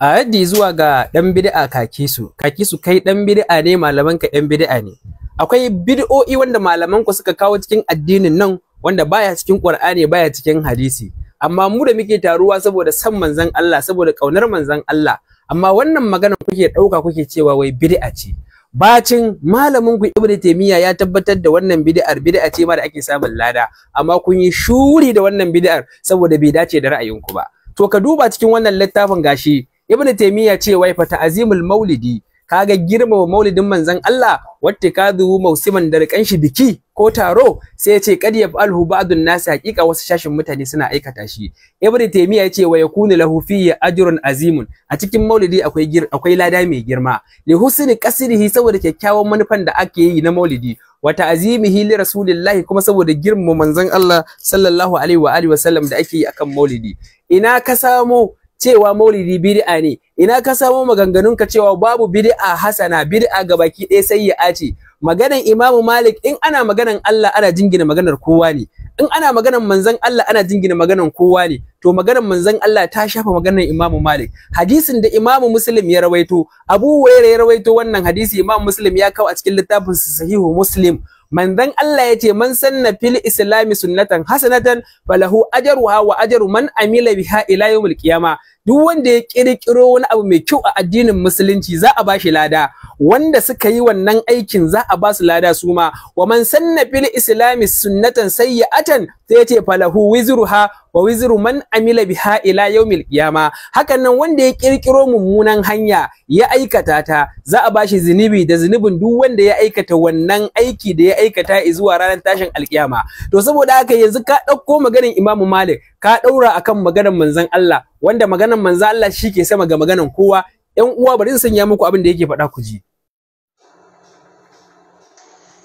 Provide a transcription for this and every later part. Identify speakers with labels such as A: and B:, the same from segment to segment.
A: a yadda zuwa ga ɗan bid'a kakisu kakisu kai ɗan bid'a ne malaman ka yan bid'a ne akwai bid'o'i wanda malaman ku suka kawo cikin addinin nan wanda baya cikin qur'ani baya cikin hadisi amma mu da muke taruwa saboda san manzon Allah saboda kaunar manzon Allah amma wannan magana kuke ɗauka kuke cewa wai bid'a ce bacin malamin ku Ibn Taymiyyah ya tabbatar da wannan bid'ar bid'a ce ma da ake samun lada amma kun yi shuri da wannan bid'ar saboda bai dace da ra'ayinku ba to ka duba cikin wannan littafin gashi Ibn Taymiyyah ce wai fa ta'zimul maulidi kaga girmama maulidin manzon Allah wata kazu mausiman da rikan shi biki ko taro sai ya ce kad yaf'alhu ba'dun nasi haqiqa wasu shashin mutane suna aikata shi ibnu ya ce wa yakunu lahu fi ajrun azimun a cikin maulidi akwai akwai lada mai girma li husni qasrihi saboda kyakkyawan manufan da ake yi na maulidi wa ta'zimihi li rasulillahi kuma saboda girmama manzon Allah sallallahu alaihi wa alihi da ake yi akan maulidi ina ka samo cewa maulidi bid'a ne ina ka samo maganganun ka cewa babu bid'a hasana bid'a ga baki ɗaya sai ya ace maganan imamu malik in ana maganan Allah ana jingina maganar kowa ne in ana maganan manzon Allah ana jingina maganar kowa ne to maganar manzon Allah ta shafa maganar imamu malik hadisin da imamu muslim ya rawaito abu waira ya rawaito wannan hadisi imamu muslim ya kawo a cikin littafin sahihu muslim manzon Allah ya ce man sanna fil islami sunnatan hasanatan falahu ajruha wa ajaru man amila biha ila yawmil qiyama duk wanda ya kirkiro wani abu mai kyau a addinin musulunci za a bashi lada wanda suka yi wannan aikin za a basu lada su ma wa man sanna bil islami sunnatan sayyatan sai ya falahu wizruha wa wizru man amila biha ila yaumil qiyama hakan nan wanda ya kirkiro mummunan hanya ya aikata ta za a bashi zinubi da zinubin duk wanda ya aikata wannan aiki da ya aikata zuwa ranar tashin alkiyama to saboda haka yanzu ka dauko maganar Imamu Malik ka daura akan maganar manzon Allah wanda maganan manzo Allah shi ke sama ga maganan kowa ɗan uwa bari in sanya muku abin da yake faɗa ku ji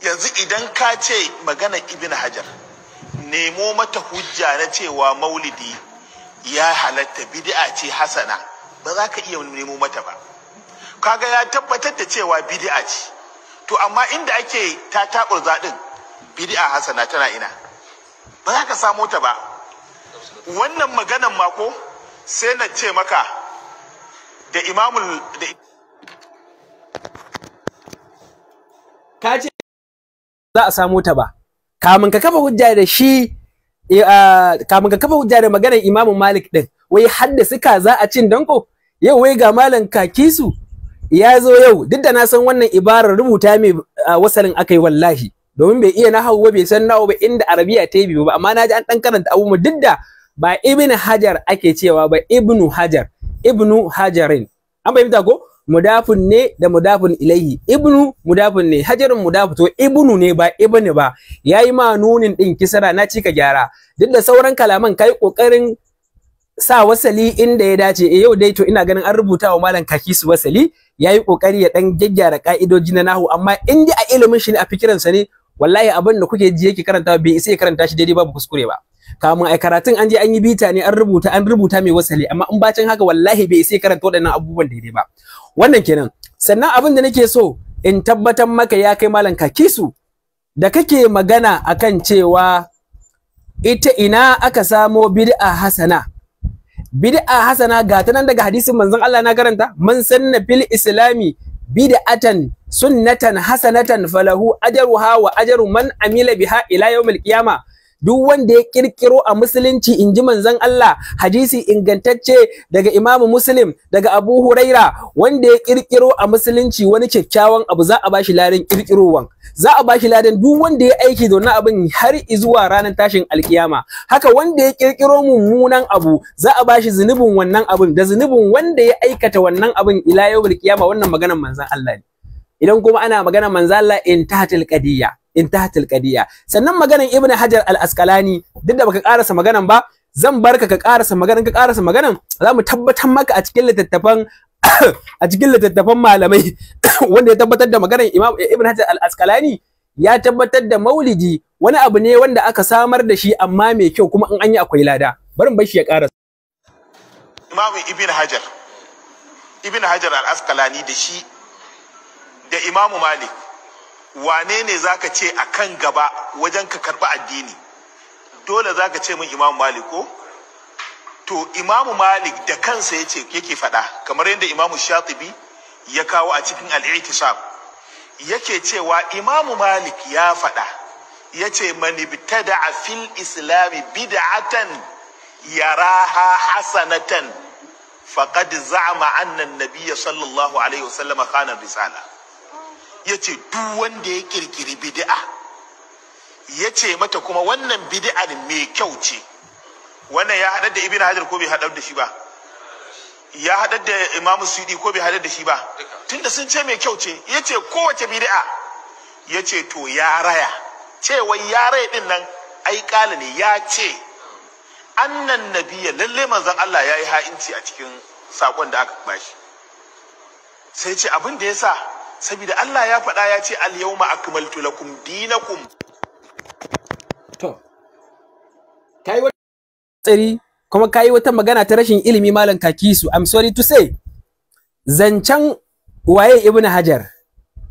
B: yanzu idan ka ce maganar ibn hajar nemo mata hujja na cewa maulidi ya halatta bid'a ce hasana ba za ka iya nemo mata ba kaga ya tabbatar da cewa bid'a ce to amma inda ake ta taɓur zaɗin bid'a hasana tana ina ba za ka samo ta ba wannan maganan mako sai na ce maka da imamul da
A: ka ce za a samu ta ba kamun ka kafa hujja da shi eh, kamun ka kafa hujja da maganar imamun malik din wai hadda suka za a cin danko yau wai ga malam kakisu ya zo yau duk da na san wannan ibarar rubuta mai wasalin akai wallahi domin bai iya na ba bai san nahawu ba inda arabiya ta yi ba amma na ji an dan karanta abubuwa duk da ba ibn hajar ake cewa ba ibnu hajar ibnu hajarin an fahimta ko mudafun ne da mudafun ilaihi. ibnu mudafun ne hajarun mudafu to ibnu ne ba ibnu ba yayi ma nunin din kisra na cika gyara duk da sauran kalaman kai kokarin sa wasali inda ya dace eh yau dai to ina ganin an rubuta wa malam kakisu wasali yayi kokari ya dan gyaggyara ka'idoji na nahu amma in a ilimin shi ne a fikiransa ne wallahi abin da kuke ji yake karanta bai isa ya karanta shi daidai babu kuskure ba kamun ai karatun an je an yi bita ne an rubuta an rubuta mai wasali amma in bacin haka wallahi bai sai karanta waɗannan abubuwan daidai ba wannan kenan sannan abin da nake so in tabbatar maka ya kai malam kakisu da kake magana akan cewa ita ina aka samo bid'a hasana bid'a hasana ga ta nan daga hadisin manzon Allah na karanta man sanna bil islami bid'atan sunnatan hasanatan falahu ajruha wa ajru man amila biha ila yawmil qiyamah duk wanda ya kirkiro a musulunci inji manzon Allah hadisi ingantacce daga Imam Muslim daga Abu Huraira wanda ya kirkiro a musulunci wani kyakkyawan abu za a bashi ladan kirkirowan za a bashi ladan duk wanda ya aiki da abin har zuwa ranar tashin alkiyama haka wanda ya kirkiro mummunan abu za a bashi zunubin wannan abin da zunubin wanda ya aikata wannan abin ila yau kiyama wannan maganar manzon Allah ne idan kuma ana maganar manzon Allah in tahtil qadiyya intahatil qadiya sannan maganan ibn hajar al asqalani duk da baka karasa maganan ba zan barka ka karasa maganan ka karasa maganan za mu tabbatar maka a cikin littattafan a cikin littattafan malamai wanda ya tabbatar da maganan imam ibn hajar al asqalani ya tabbatar da maulidi wani abu ne wanda aka samar da shi amma mai kyau kuma in an yi akwai lada barin bar shi ya karasa
B: imam ibn hajar ibn hajar al-asqalani da shi da imam malik wane ne zaka ce a kan gaba wajen ka karɓi addini dole zaka ce min imam malik ko to imamu malik da kansa yace yake faɗa kamar yadda imamu shatibi ya kawo a cikin al'itisab yake cewa imamu malik ya faɗa ya ce manibtada a fil islami bid'atan yaraha hasanatan faqad za'ama anna nabiyya sallallahu alaihi wasallama khana risala ya ce duk wanda ya kirkiri bid'a ya ce mata kuma wannan bid'ar mai kyau ce wannan ya haɗar da ibn hajar ko bai haɗar da shi ba ya haɗar da imam sudi ko bai haɗar da shi ba tunda sun ce mai kyau ce ya ce kowace bid'a ya ce to ya raya cewa ya raya din nan ai ƙala ne ya ce annan nabiya lalle manzon Allah ya yi ha'inci a cikin sakon da aka bashi sai ce abin da ya sa saboda Allah ya faɗa ya ce al yawma akmaltu lakum dinakum
A: to kai wata tsari kuma kai wata magana ta rashin ilimi malam kakisu i'm sorry to say zancen waye ibnu hajar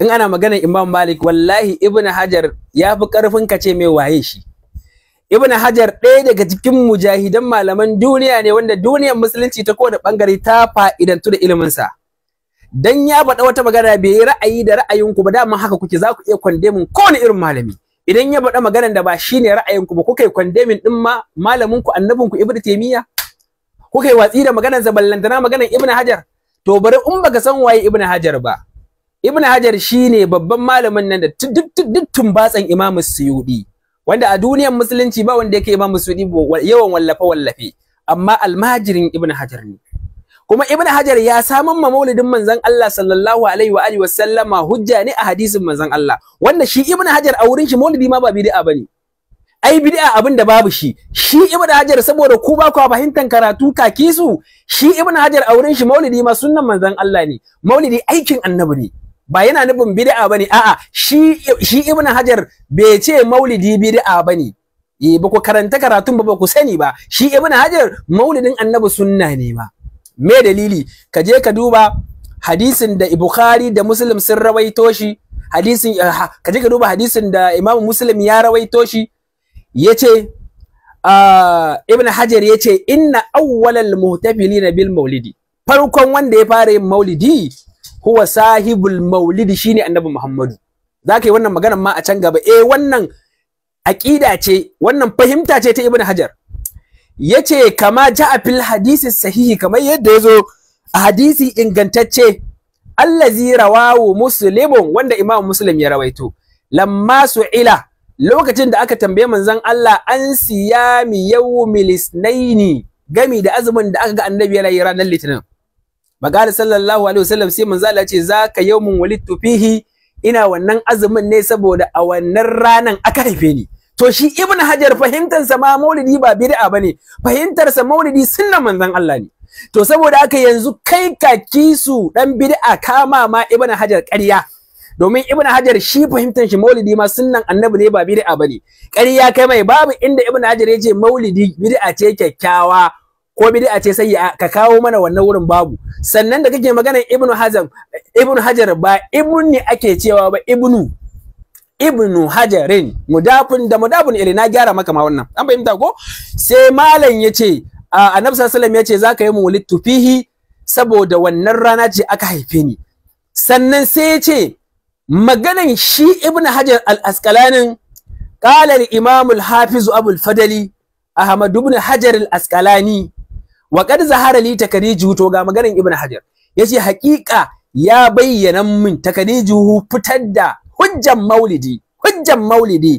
A: in ana magana imam malik wallahi ibnu hajar ya fi karfin ka ce mai waye shi ibnu hajar ɗaya daga cikin mujahidan malaman duniya ne wanda duniyar musulunci ta kowane bangare ta fa'idantu da iliminsa dan ya faɗa wata magana bai yi ra'ayi da ra'ayin ku ba dama haka kuke za ku iya kwandemin kowane irin malami idan ya faɗa maganar da ba shine ku ba kuka yi kwandemin ɗin ma malaminku annabinku ibnu taymiya kuka watsi da maganar zaballantana maganar ibnu hajar to bari in baka san waye ibnu hajar ba ibnu hajar shine babban malamin nan da duk tumbatsan imamu suyudi wanda a duniyar musulunci ba wanda yake imamu suyudi yawan wallafe wallafe amma almajirin ibnu hajar ne kuma ibnu hajar ya saman ma maulidin manzon Allah sallallahu alaihi wa alihi wasallama hujja ne a hadisin manzon Allah wanda shi ibnu hajar a wurin shi maulidi ma ba bid'a bane ai bid'a abin da babu shi shi ibnu hajar saboda ku ba ku fahimtar karatu kaki su shi ibnu hajar a wurin shi maulidi ma sunnan manzon Allah ne maulidi aikin annabi ne ba yana nufin bid'a bane a'a shi shi ibnu hajar bai ce maulidi bid'a bane eh ba ku karanta karatun ba ba ku sani ba shi ibnu hajar maulidin annabi sunna ne ma me dalili ka je ka duba hadisin da Bukhari da Muslim sun rawaito shi hadisin eh, ka je ka duba hadisin da Imam Muslim ya rawaito shi yace ah, Ibn Hajar yace inna awwalal muhtafilina bil maulidi farkon wanda ya fara yin maulidi huwa sahibul maulidi shine Annabi Muhammadu zaka yi wannan maganar ma a can gaba eh wannan aqida ce wannan fahimta ce ta Ibn Hajar yace kama a fil hadisi sahihi kamar yadda yazo a hadisi ingantacce allazi rawahu muslimun wanda imam muslim ya rawaito lamma ila, lokacin da aka tambaye manzon Allah an siyami yawmil isnaini gami da azumin da aka ga annabi yana yi ranar litinin magana sallallahu alaihi wasallam sai manzo Allah ce zaka yawmun walidtu fihi ina wannan azumin ne saboda a wannan ranan aka haife ni to shi ibn hajar fahimtarsa ma maulidi ba bid'a bane fahimtarsa maulidi sunnan manzon Allah ne to saboda haka yanzu kai kaki su dan bid'a kama ma ibn hajar ƙarya domin ibn hajar shi fahimtar shi maulidi ma sunnan annabi ne ba bid'a bane ƙarya kai mai babu inda ibn hajar ya ce maulidi bid'a ce kyakkyawa ko bid'a ce sai ka kawo mana wannan wurin babu sannan da kake magana ibn hajar ibn hajar ba ibn ne ake cewa ba ibnu ibnu hajarin mudafin da mudafin ilai na gyara maka ma wannan an fahimta ko sai malam yace annabi sallallahu alaihi yace zaka yi mawlidtu fihi saboda wannan rana ce aka haife ni sannan sai yace maganan shi ibnu hajar al-asqalanin qala al-imam al-hafiz abu al-fadali ahmad ibn hajar al-asqalani wa qad zahara li takariju to ga maganan ibnu hajar yace haƙiƙa ya bayyana min takarijuhu fitar da hujjan maulidi hujjan maulidi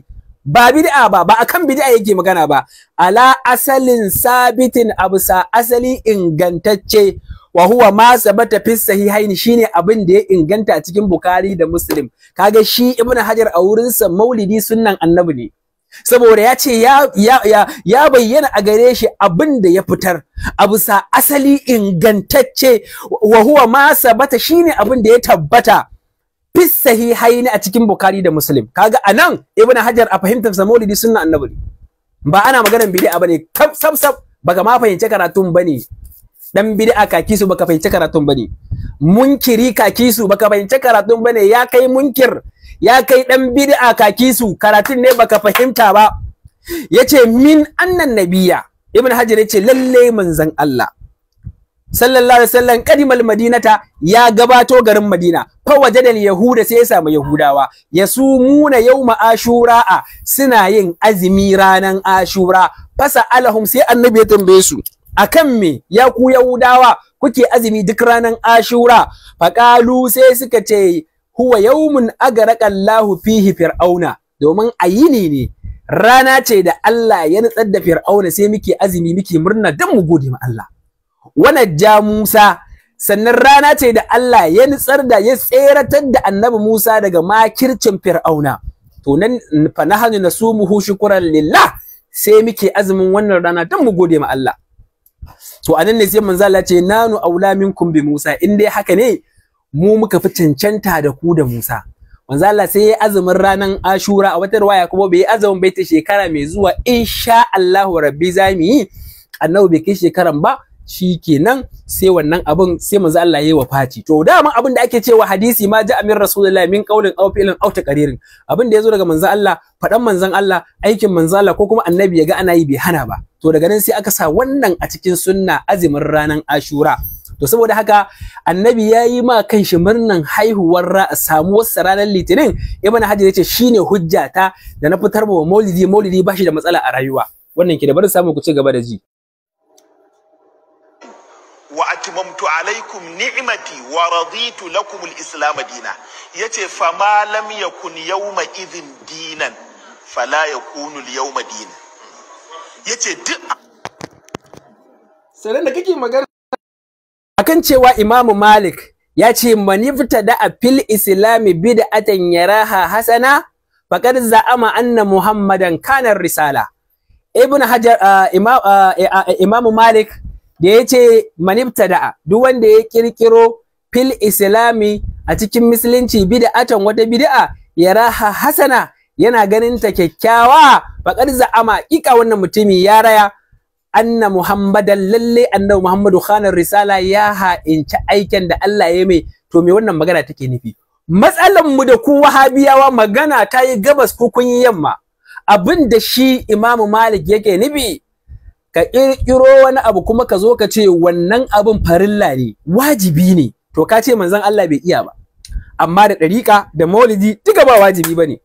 A: ba bid'a ba ba akan bid'a yake magana ba ala asalin sabitin abusa asali ingantacce wa huwa ma sabata fi sahihain shine abin da ya inganta cikin bukari da Muslim kaga shi ibnu Hajar a wurin sa Maulidi sunnan Annabi ne saboda ya ce ya ya ya, bayyana a gare shi abin da ya fitar abu sa asali ingantacce wa huwa ma sabata shine abin da ya tabbata fi sahihaini a cikin Bukhari da Muslim kaga anan Ibn Hajar a fahimtar sa Maulidi sunna annabi ba ana maganar bid'a bane sab sab baka ma fahimci karatun bane dan bid'a ka kisu baka fahimci karatun bane munkiri ka kisu baka fahimci karatun bane ya kai munkir ya kai dan bid'a ka kisu karatun ne baka fahimta ba yace min annan nabiya Ibn Hajar yace lalle manzon Allah sallallahu alaihi wasallam kadimal madinata ya gabato garin madina fa al yahuda sai ya samu yahudawa yasumuna yawma ashura suna yin azumi ranan ashura fasa alahum sai annabi ya tambaye su akan me ya ku yahudawa kuke azumi duk ranan ashura qalu sai suka ce huwa yawmun agaraka Allahu fihi fir'auna domin ayini ne rana ce da Allah ya nutsar da fir'auna sai muke azumi muke murna dan mu gode ma Allah wanajja Musa sannan rana ce da Allah ya nitsar da ya tseratar da annabi Musa daga makircin Fir'auna to nan fa mu nasumuhu shukran lillah sai muke azumin wannan rana dan mu gode ma Allah to anan ne sai manzo Allah ce nanu aula minkum bi Musa in dai haka ne mu muka fi cancanta da ku da Musa manzo Allah sai ya azumin ranan Ashura a wata riwaya kuma bai azumin bai ta shekara mai zuwa insha Allah rabbi zamu yi annabi bai kai shekaran ba shi kenan sai wannan abun sai manzo Allah yayi wafati to dama abin da ake cewa hadisi ma ja amir rasulullahi min qaulin aw fi'lin aw taqririn abin da yazo daga manzo Allah fadan manzon Allah aikin manzo Allah ko kuma annabi yaga ana yi bai hana ba to daga nan sai aka sa wannan a cikin sunna azumin ranan Ashura to saboda haka annabi ya yi ma shi murnan haihuwar ra a samu wasu ranar litinin ibn hajar yace shine hujjata da na fitar wa maulidi maulidi bashi da matsala a rayuwa wannan ke da bari samu ku ci gaba da ji
B: wa atmamtu alaikum ni'mati wa raditu lakum al-islam dina yace fa ma lam yakun yawma idhin dinan fala yakunu al-yawma dinan yace duk
A: sai da kake magana akan cewa imamu malik ya ce manifta da a fil islami bid'atan yaraha hasana faqad za'ama anna muhammadan kana risala ibn hajar uh, uh, eh, uh, imamu malik da ya ce da'a, duk wanda ya kirkiro fil islami a cikin musulunci bid'atan wata bid'a ya raha hasana yana ganin ta kyakkyawa faqad za'ama kika wannan mutumi ya raya anna muhammadan lalle annabi muhammadu khanar risala ya ha'inci aikin da Allah ya mai to me wannan magana take nufi matsalan mu da ku wahabiyawa magana ta yi gabas ko kun yamma abin da shi imamu malik yake nufi ka ƙirƙiro wani abu kuma ka zo ka ce wannan abin farilla ne wajibi ne to ka ce manzon Allah bai iya ba amma da ɗariƙa da maulidi duka ba wajibi ba ne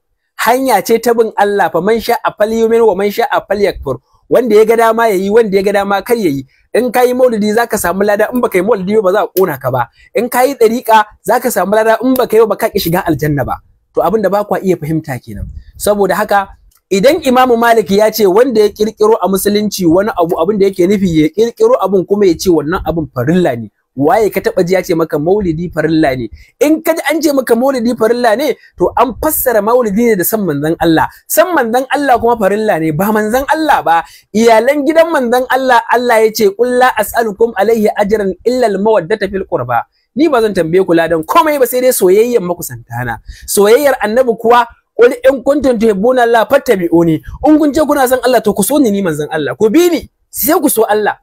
A: hanya ce ta bin Allah fa man sha a yumin wa man sha a yakfur wanda ya ga dama yayi wanda ya ga dama kar yayi in ka yi maulidi za ka samu lada in baka yi maulidi ba za a ƙona ka ba in ka yi ɗariƙa za samu lada in baka yi ba ka ki shiga aljanna ba to abin da ba kwa iya fahimta kenan saboda haka idan imamu malik ya ce wanda ya kirkiro a musulunci wani abu abin da yake nufi ya kirkiro abun kuma ya ce wannan abun farilla ne waye ka taba ji ya ce maka maulidi farilla ne in ka ji an ce maka maulidi farilla ne to an fassara maulidi ne da san manzon Allah san manzon Allah kuma farilla ne ba manzon Allah ba iyalan gidan manzon Allah Allah ya ce a as'alukum alaihi ajran illa almawaddata mawaddata fil qurba ni ba zan tambaye ku ladan komai ba sai dai soyayyar makusantana soyayyar annabi kuwa wal in kuntum tuhibbuna Allah oni in kun je kuna son Allah to ku so ni ni manzon Allah ku bi ni sai ku so Allah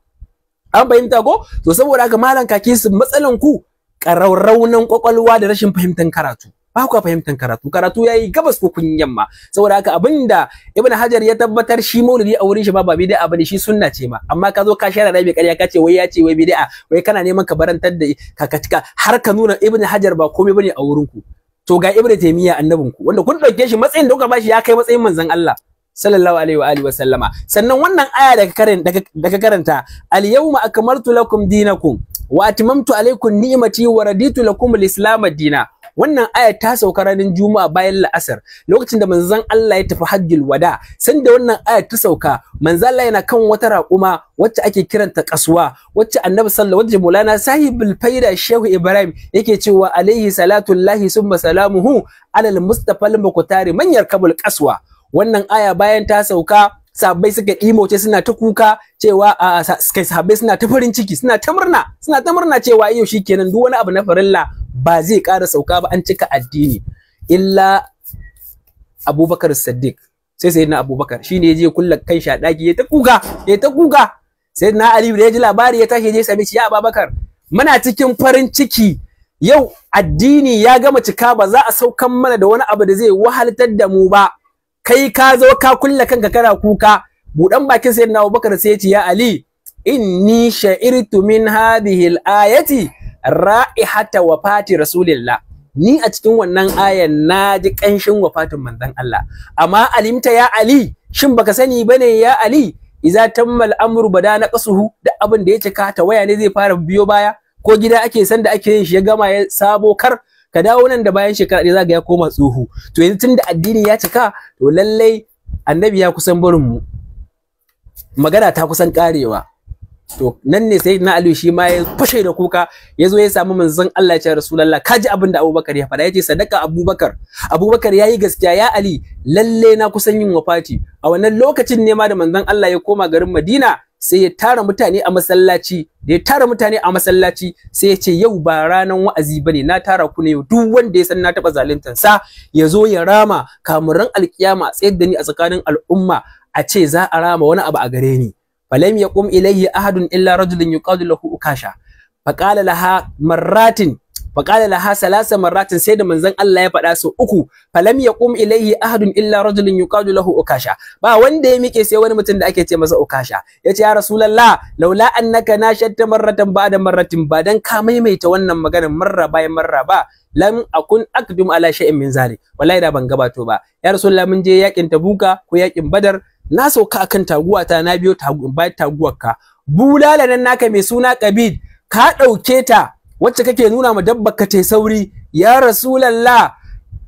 A: an fahimta ko to saboda haka malam kake su matsalan ku ƙarauraunan kwakwalwa da rashin fahimtar karatu ba ku fahimtar karatu karatu ya yi gabas ko kun yamma saboda haka abinda ibn hajar ya tabbatar shi maulidi a wurin shi ba ba bid'a bane shi sunna ce ma amma ka zo ka share rabi ƙarya ka ce wai ya ce wai bid'a wai kana neman ka barantar da ka har ka nuna ibn hajar ba komai bane a wurin ku to ga ibnu taymiya annabin ku wanda kun dauke shi matsayin da kuka bashi ya kai matsayin manzon Allah sallallahu alaihi wa alihi wa sallama sannan wannan aya daga karanta daga karanta al yawma akmaltu lakum dinakum wa atmamtu alaykum ni'mati wa raditu lakum al-islam ad-dina wannan aya ta sauka ranar juma'a bayan la'asar lokacin da manzon Allah ya tafi hajjil wada sanda wannan aya ta sauka manzon Allah yana kan wata raƙuma wacce ake kiranta kasuwa wacce annabi sallallahu alaihi mulana sahibul faida shehu ibrahim yake cewa alaihi salatullahi summa salamuhu alal mustafa al manyar kabul kaswa wannan aya bayan ta sauka sahabbai suka ce suna ta kuka cewa a sahabbai suna ta farin ciki suna ta murna suna ta murna cewa yau shikenan duk wani abu na farilla ba zai ƙara sauka ba an cika addini illa abubakar siddiq sai na abubakar shine yaje kulla kan shi a ɗaki, ya ta kuga ya ta kuga na ali da ya ji labari ya tashi ya same shi ya abubakar muna cikin farin ciki yau addini ya gama cika ba za a saukan mana da wani abu da zai wahaltar da mu ba kai ka zo ka kulla kanka kana kuka budan bakin na abubakar sai ya ce ya ali inni sha'irtu min hadhihi al-ayati ra'ihata wafati rasulillah ni a cikin wannan ayan na ji wafatin manzon Allah amma alimta ya ali shin baka sani bane ya ali iza tammal amru bada na qasuhu da abin da ya cika ta waya ne zai fara biyo baya ko gida ake san da ake yin shi ya gama ya sabo kar ka dawo nan da bayan shekara ɗaya zaka ya koma tsuhu to yanzu tunda addini ya cika to lallai annabi ya kusan barin mu magana ta kusan karewa to nan ne sai na Ali shi ma ya fashe da kuka ya zo ya samu manzon Allah ya ce rasulullah ka ji abin da abubakar ya faɗa ya ce sadaka abubakar abubakar ya yi gaskiya ya ali lalle na kusan yin wafati a wannan lokacin ne ma da manzon Allah ya koma garin madina sai ya tara mutane a masallaci da ya tara mutane a masallaci sai ya ce yau ba ranan wa'azi bane na tara ku ne duk wanda ya san na taɓa zaluntar sa ya zo ya rama kamuran alkiyama tsayar da ni a tsakanin al'umma a ce za a rama wani abu a gare ni falam yaqum ilayhi ahadun illa rajulun yuqadu lahu ukasha faqala laha marratin faqala laha salasa marratin sai da manzon Allah ya faɗa sau uku falam yaqum ilayhi ahadun illa rajulun yuqadu lahu ukasha ba wanda ya mike sai wani mutum da ake ce masa Ya ce ya rasu rasulullah laula annaka na nashatta marratan ba'da marratin ba dan ka maimaita wannan maganar marra bayan marraba. ba lam akun akdum ala shay'in min zalik wallahi da ban gabato ba ya rasulullah mun je ta tabuka ko yaƙin badar na sauka akan taguwata na biyo bayan ka bulala nan naka mai suna kabid ka ɗauke ta wacce kake nuna ma dabbar ka ta'i sauri ya rasulullah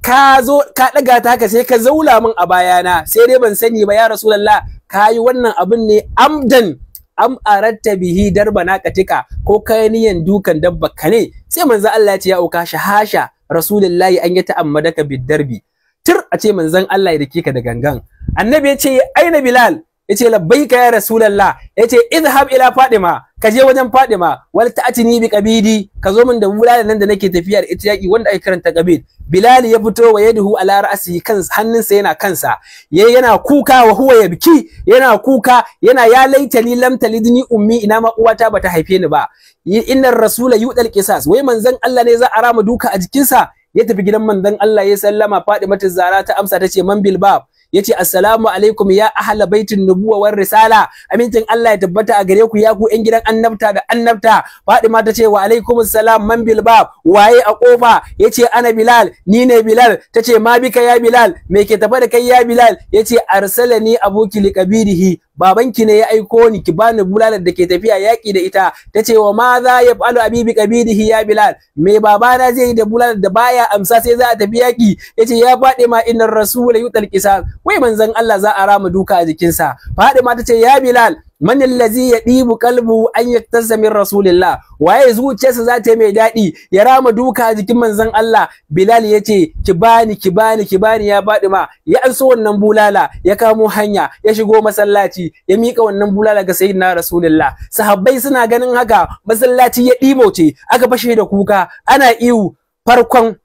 A: ka zo ka ɗaga ta haka sai ka zaula min a bayana sai dai ban sani ba ya rasulullah ka yi wannan abin ne amdan am aratta bihi darba na katika ko kai niyan dukan dabbar ka ne sai manzo Allah ya ce ya auka shahasha rasulullahi an yi ta'ammadaka darbi tir a ce manzon Allah ya dake ka da gangan annabi ya ce aina bilal ya ce labbaika ya rasulallah ya ce izhab ila fadima ka je wajen fadima wal ta'tini bi qabidi ka zo min da bulal nan da nake tafiya da ita yaki wanda ake karanta qabid bilal ya fito wa yadihu ala ra'si kan hannunsa yana kansa ya yana kuka wa huwa yabki yana kuka yana ya laitali lam talidni ummi ina ma uwata bata haife ni ba innar rasula yudal qisas wai manzon Allah ne za a rama duka a jikinsa ya tafi gidan manzon Allah ya sallama Fatimatu Zara ta amsa ta ce man bilbab yace assalamu alaikum ya ahla baitin nubuwa war risala amincin Allah ya tabbata a gare ku ya ku yan gidan annabta da annabta Fatima ta ce wa alaikum assalam man bilbab waye a kofa yace ana Bilal ni ne Bilal tace ma bika ya Bilal me ke tafa da kai ya Bilal yace arsalani abuki liqabirihi babanki ne ya aiko ni ki bani bulalar da ke tafiya yaki da ita ta ce wa ma za ya falu abibi kabidihi ya bilal me babana zai yi da bulalar da baya amsa sai za a tafi yaki yace ya faɗi ma innar rasul yutal kisan wai manzon Allah za a rama duka a jikinsa faɗi ma ta ce ya bilal man allazi yadibu qalbu an yaktasa min rasulillah waye zuciyarsa za ta yi mai daɗi? ya rama duka jikin manzon Allah Bilal ya ce, ki bani ki bani ki bani ya ma. ya anso wannan bulala ya kamo hanya ya shigo masallaci ya mika wannan bulala ga sayyidina rasulillah sahabbai suna ganin haka masallaci ya ce aka fashe da kuka ana iwu farkon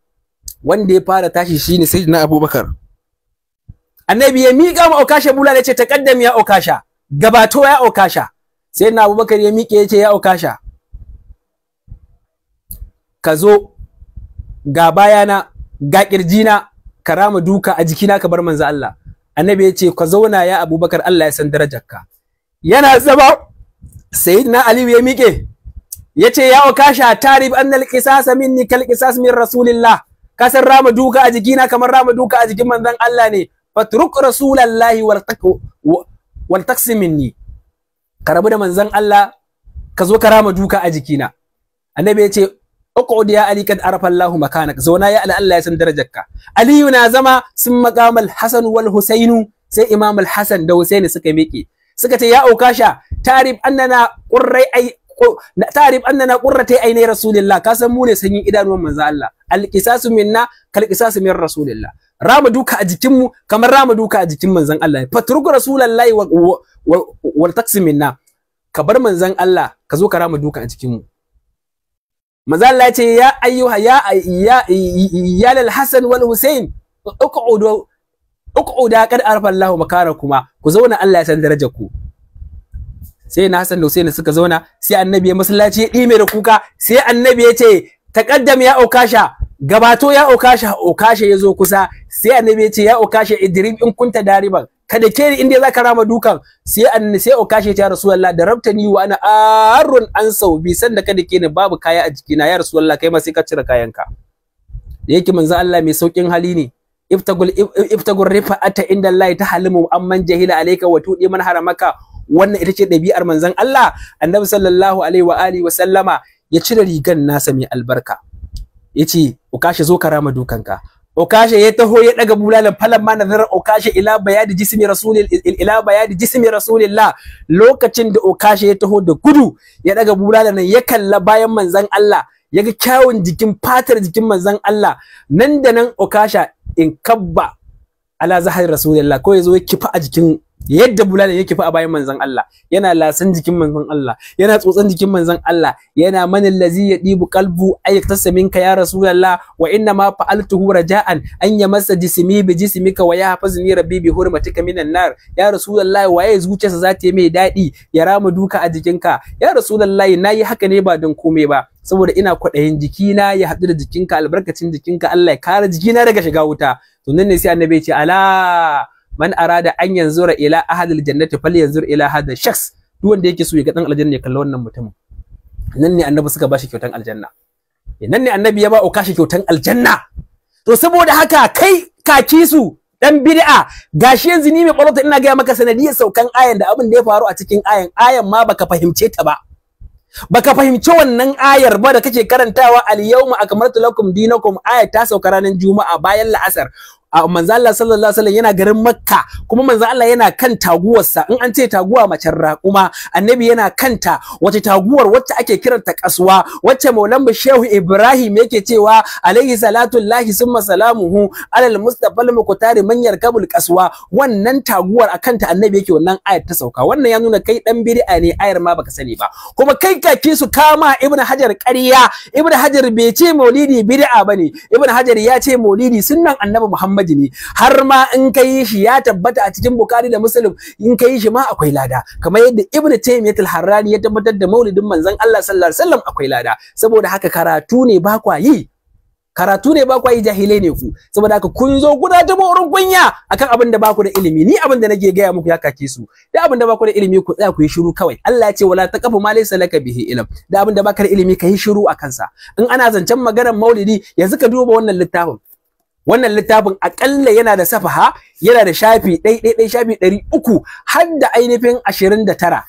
A: wanda ya fara tashi shine sayyidina Abubakar annabi ya mika ma okasha bulala ya ce taqaddam ya okasha gabato ya okasha sai na abubakar ya miƙe ya ce ya okasha ka zo ga bayana ga ƙirjina ka rama duka a jikina ka bar manzo Allah annabi ya ce ka zauna ya abubakar Allah ya san darajarka yana zama sayyidina aliyu ya miƙe ya ce ya okasha tarib annal qisas minni kal qisas min rasulillah ka san rama duka a jikina kamar rama duka a jikin manzon Allah ne fatruk rasulallahi wal wal taksim minni ka da manzon Allah ka zo ka rama duka a jikina annabi ya ce uqud ya ali kad arafa Allahu makanak zauna ya Allah ya san darajarka aliyu na zama sun maqamal hasan wal husainu sai imam al hasan da husaini suka miƙe suka ce ya aukasha tarib annana qurrai ai tarib annana qurratai rasulillah ka san mu ne sanyin idanuwan manzo Allah al qisasu minna kal qisasu min rasulillah rama duka a jikinmu kamar rama duka a jikin manzon Allah fatruku rasulullahi wal taqsiminna ka bar manzon Allah ka zo ka rama duka a jikinmu manzon Allah ya ce ya ayyuha ya ya lal hasan wal husain uq'udu uq'uda qad arafa Allahu makarakuma ku zauna Allah ya san darajar ku sai na Hassan da Hussein suka zauna sai annabi ya masallaci ya dime kuka sai annabi ya ce taqaddam ya ukasha gabato ya okasha okasha ya zo kusa sai annabi ya ce ya okasha idrim in kunta dariban kada ke in dai zaka rama dukan sai annabi sai okasha ya rasulullah da rabtani wa ana arun an saubi sanda kada ke ni babu kaya a jikina ya rasulullah kai ma sai ka cire kayanka yake manzo Allah mai saukin hali ne iftagul iftagul ata inda Allah ta halimu amman jahila alayka wa tudi man haramaka wannan ita ce ɗabi'ar manzon Allah annabi sallallahu alaihi wa alihi wa sallama ya cire rigan nasa mai albarka yace ukashe zo ka rama dukanka ukashe ya taho ya daga bulalan falan ma nazar ukashe ila bayadi jismi rasulil ila bayadi jismi rasulillah lokacin da ukashe ya taho da gudu ya daga bulalan ya kalla bayan manzon Allah ya ga kyawun jikin fatar jikin manzon Allah nan da nan Okasha in kabba ala zahar rasulillah ko ya zo ya kifa a jikin yadda bulala yake fa a bayan manzon Allah yana lasan jikin manzon Allah yana tsotsan jikin manzon Allah yana man allazi yadibu qalbu ayaktasa minka ya rasulullah wa inna ma fa'altuhu raja'an an yamassa jismi bi jismika wa yahfazni rabbi bi hurmatika minan nar ya rasulullah waye zuciyarsa za ta yi mai dadi ya rama duka a jikinka ya rasulullah nayi haka ne ba don komai ba saboda ina kwaɗayin na ya haɗu da jikinka albarkacin jikinka Allah ya kare na daga shiga wuta to nan ne sai annabi ya ce ala man arada an yanzura ila ahadil jannati falyanzur ila hadha shakhs duk wanda yake so ya ga dan aljanna ya kalli wannan mutumin nan ne annabi suka bashi kyautan aljanna eh, nan ne annabi ya ba o kashi kyautan aljanna to saboda haka kai kaki su dan bid'a gashi yanzu ni mai barota ina gaya maka sanadiyar saukan ayan da abin da ya faru a cikin ayan ayan ma baka fahimce ta ba baka fahimci wannan ayar ba da kake karantawa al-yawma akmaltu lakum dinakum aya ta sauka ranar juma'a bayan la'asar a manzo Allah sallallahu alaihi wasallam yana garin Makka kuma manzo Allah yana kan taguwarsa in an ce taguwa macen raƙuma annabi yana kanta wace taguwar wacce ake kiranta kasuwa wacce maulan shehu Ibrahim yake cewa alaihi salatu lahi summa salamuhu alal mustafa al muqtari man yarkabul kasuwa wannan taguwar akan ta annabi yake wannan ayar ta sauka wannan ya nuna kai dan bid'a ne ayar ma baka sani ba kuma kai kaki su kama ibn hajar ƙarya ibn hajar bai ce maulidi bid'a bane ibn hajar ya ce maulidi sunnan annabi Muhammad namiji har ma in ka yi shi ya tabbata a cikin bukari da Muslim in ka yi shi ma akwai lada kamar yadda Ibn Taymiyyah al-Harrani ya tabbatar da maulidin manzon Allah sallallahu alaihi wasallam akwai lada saboda haka karatu ne ba kwa yi karatu ne ba kwa yi jahilai ne ku saboda haka kun zo guda ta wurin kunya akan abin da ba ku da ilimi ni abin da nake gaya muku ya kake su da abin da ba ku da ilimi ku tsaya ku yi shiru kawai Allah ya ce wala taqafu ma laysa laka bihi ilm da abin da ba ka da ilimi ka yi shiru akan sa in ana zancen maganar maulidi yanzu ka duba wannan littafin wannan littafin akalla yana da safaha yana da shafi ɗai ɗai ɗai shafi ɗari uku har da ainihin ashirin da tara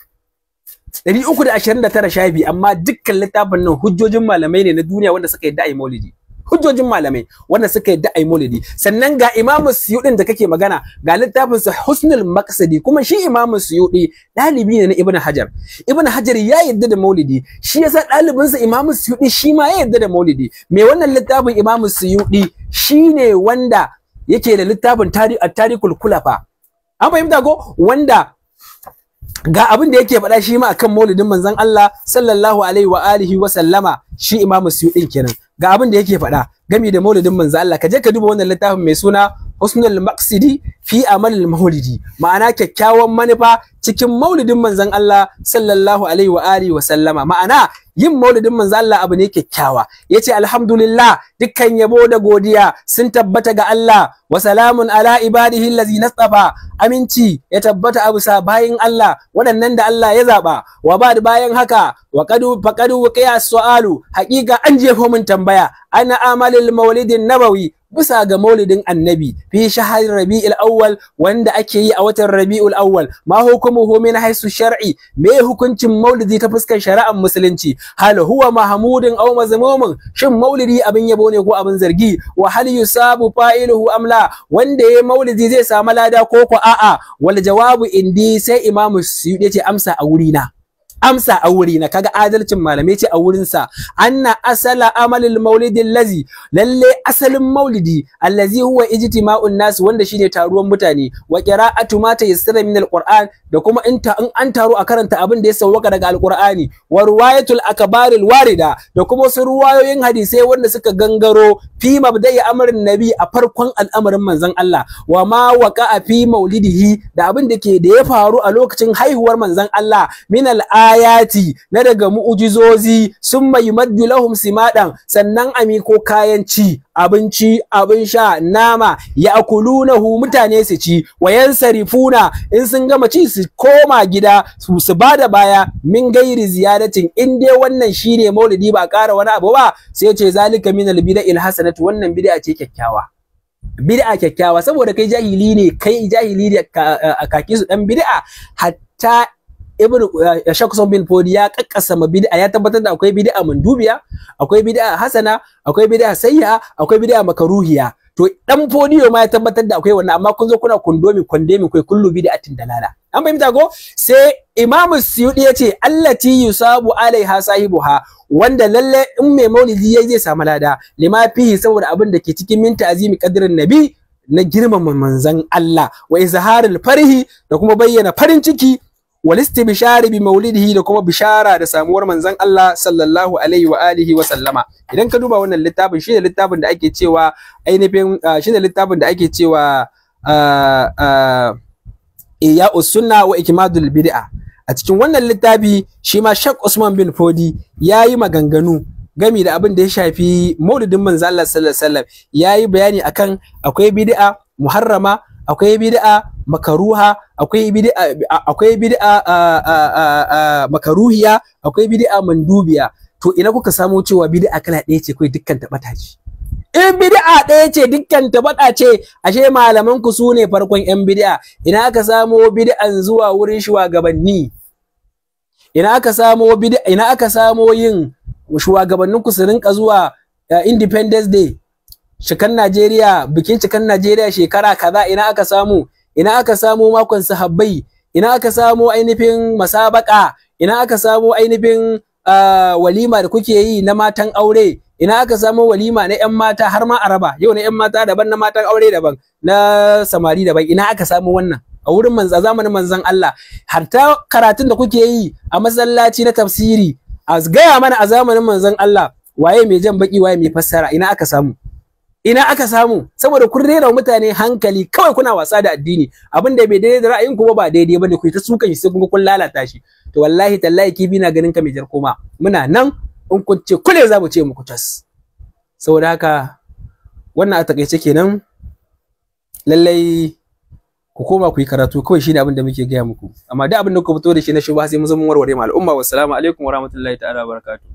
A: ɗari uku da ashirin da tara shafi amma dukkan littafin nan hujjojin malamai ne na duniya wanda suka yi da'ai maulidi hujjojin malamai wanda suka yadda yi maulidi sannan ga imamu suyuɗin da kake magana ga littafin sa husnul maqsadi kuma shi imamu suyuɗi ɗalibi ne na ibnu hajar ibnu hajar ya yadda da maulidi shi yasa dalibin sa imamu suyuɗi shi ma ya yadda da maulidi me wannan littafin imamu shi shine wanda yake da littafin tarikul kulafa an fahimta ko wanda ga abin da yake faɗa shi ma akan maulidin manzon Allah sallallahu alaihi wa alihi wa sallama shi imamu kenan ga abin da yake faɗa gami da maulidin manzo Allah ka je ka duba wannan littafin mai suna husnul maqsidi fi amalil maulidi ma'ana kyakkyawan manufa cikin maulidin manzon Allah sallallahu alaihi wa alihi wa sallama ma'ana yin maulidin manzon Allah abu ne kyakkyawa yace alhamdulillah dukkan yabo da godiya sun tabbata ga Allah wa salamun ala ibadihi allazi nasafa aminci ya tabbata abu sa bayin Allah waɗannan da Allah ya zaba wa ba bayan haka wa qadu faqadu wa qiyas su'alu haqiqa an jefo mun tambaya ana amalil maulidin nabawi bisa ga maulidin annabi fi shahar rabi'ul awwal wanda ake yi a watan rabi'ul awwal ma hukumuhu min haisu shar'i me hukuncin maulidi ta fuskar shari'ar musulunci hal huwa mahmudun aw mazmumun shin maulidi abin yabo ne ko abin zargi wa hal yusabu fa'iluhu amla wanda yayi maulidi zai samu lada ko ko a'a wal jawabu indi sai imamu suyudi ce amsa a wurina amsa a wuri na kaga adalcin malamai ce a wurinsa anna asala amalil maulidi lazi lalle asalin maulidi allazi huwa ijtima'un nas wanda shine taruwan mutane wa qira'atu ma tayassara min alquran da kuma in ta in an taru a karanta abin da ya sauka daga alqur'ani wa riwayatul akbaril warida da kuma wasu ruwayoyin hadisai wanda suka gangaro fi mabda'i amrin nabi a farkon al'amarin manzon Allah wa ma waqa fi maulidihi da abin da ke da ya faru a lokacin haihuwar manzon Allah min al ayati na daga mu'ujizozi sun mai lahum simadan sannan amiko kayan ci abinci abin sha nama ya akulunahu mutane su ci wayan sarifuna in sun gama ci su koma gida su su bada baya min gairi ziyaratin in dai wannan shine maulidi ba ƙara wani abu ba sai ce zalika min albida ilhasanatu wannan bid'a ce kyakkyawa bid'a kyakkyawa saboda kai jahili ne kai jahili ne a kaki su dan bid'a hatta ibn ya sun bin fodi ya kakkasa ma bid'a ya tabbatar da akwai bid'a dubiya, akwai bid'a hasana akwai bid'a sayya akwai bid'a makaruhiya to dan fodiyo ma ya tabbatar da akwai wannan amma kun zo kuna kundomi kundemi kai kullu bid'atin dalala an fahimta ko sai imam suyudi ya ce allati yusabu alaiha sahibuha wanda lalle in mai maulidi yayi zai samu lada lima saboda abin da ke cikin minta azimi qadrin nabi na girmama manzan Allah wa izharil farhi da kuma bayyana farin ciki walisti bishari bi maulidihi da kuma bishara da samuwar manzon Allah sallallahu alaihi wa alihi wa sallama idan ka duba wannan littafin shi ne littafin da ake cewa ainihin shi ne littafin da ake cewa iya usunna wa ikmadul bid'a a cikin wannan littafi shi ma Sheikh Usman bin Fodi ya yi maganganu gami da abin da ya shafi maulidin manzo Allah sallallahu alaihi sallam yayi bayani akan akwai bid'a muharrama akwai bid'a makaruha akwai bid'a akwai bid'a makaruhiya akwai bid'a mandubiya to ina kuka samo cewa bid'a kala ɗaya ce kai dukkan ta bata ce in bid'a ɗaya ce dukkan ta bata ce ashe malaman ku sune farkon yan bid'a ina aka samo bid'an zuwa wurin shugabanni ina aka samo bid'a ina aka samo yin shugabannin ku su rinka zuwa eh, Independence Day cikan Najeriya bikin cikan Najeriya shekara kaza ina aka samu ina aka samu makon sahabbai ina aka samu ainihin masabaka ina aka samu ainihin ah, walima da kuke yi na matan aure ina aka samu walima na yan mata har ma araba yau na yan mata daban na matan aure daban na samari daban ina aka samu wannan a wurin manza zamanin manzon Allah hatta karatun da kuke yi a masallaci na tafsiri a gaya mana a zamanin manzon Allah waye mai jan baki waye mai fassara ina aka samu ina aka samu saboda kun rera mutane hankali kawai kuna wasa da addini abin da bai daidai da ra'ayin ku ba daidai bane ku ta sukan shi sai kun kun lalata shi to wallahi tallahi kibi na ganin ka mai jar koma muna nan in kun ce kule za mu ce muku tas saboda haka wannan a takaice kenan lallai ku koma ku yi karatu kawai shine abin da muke gaya muku amma duk abin da ku fito da shi na shuba sai mun zama warware ma al'umma wassalamu alaikum warahmatullahi ta'ala barakatuh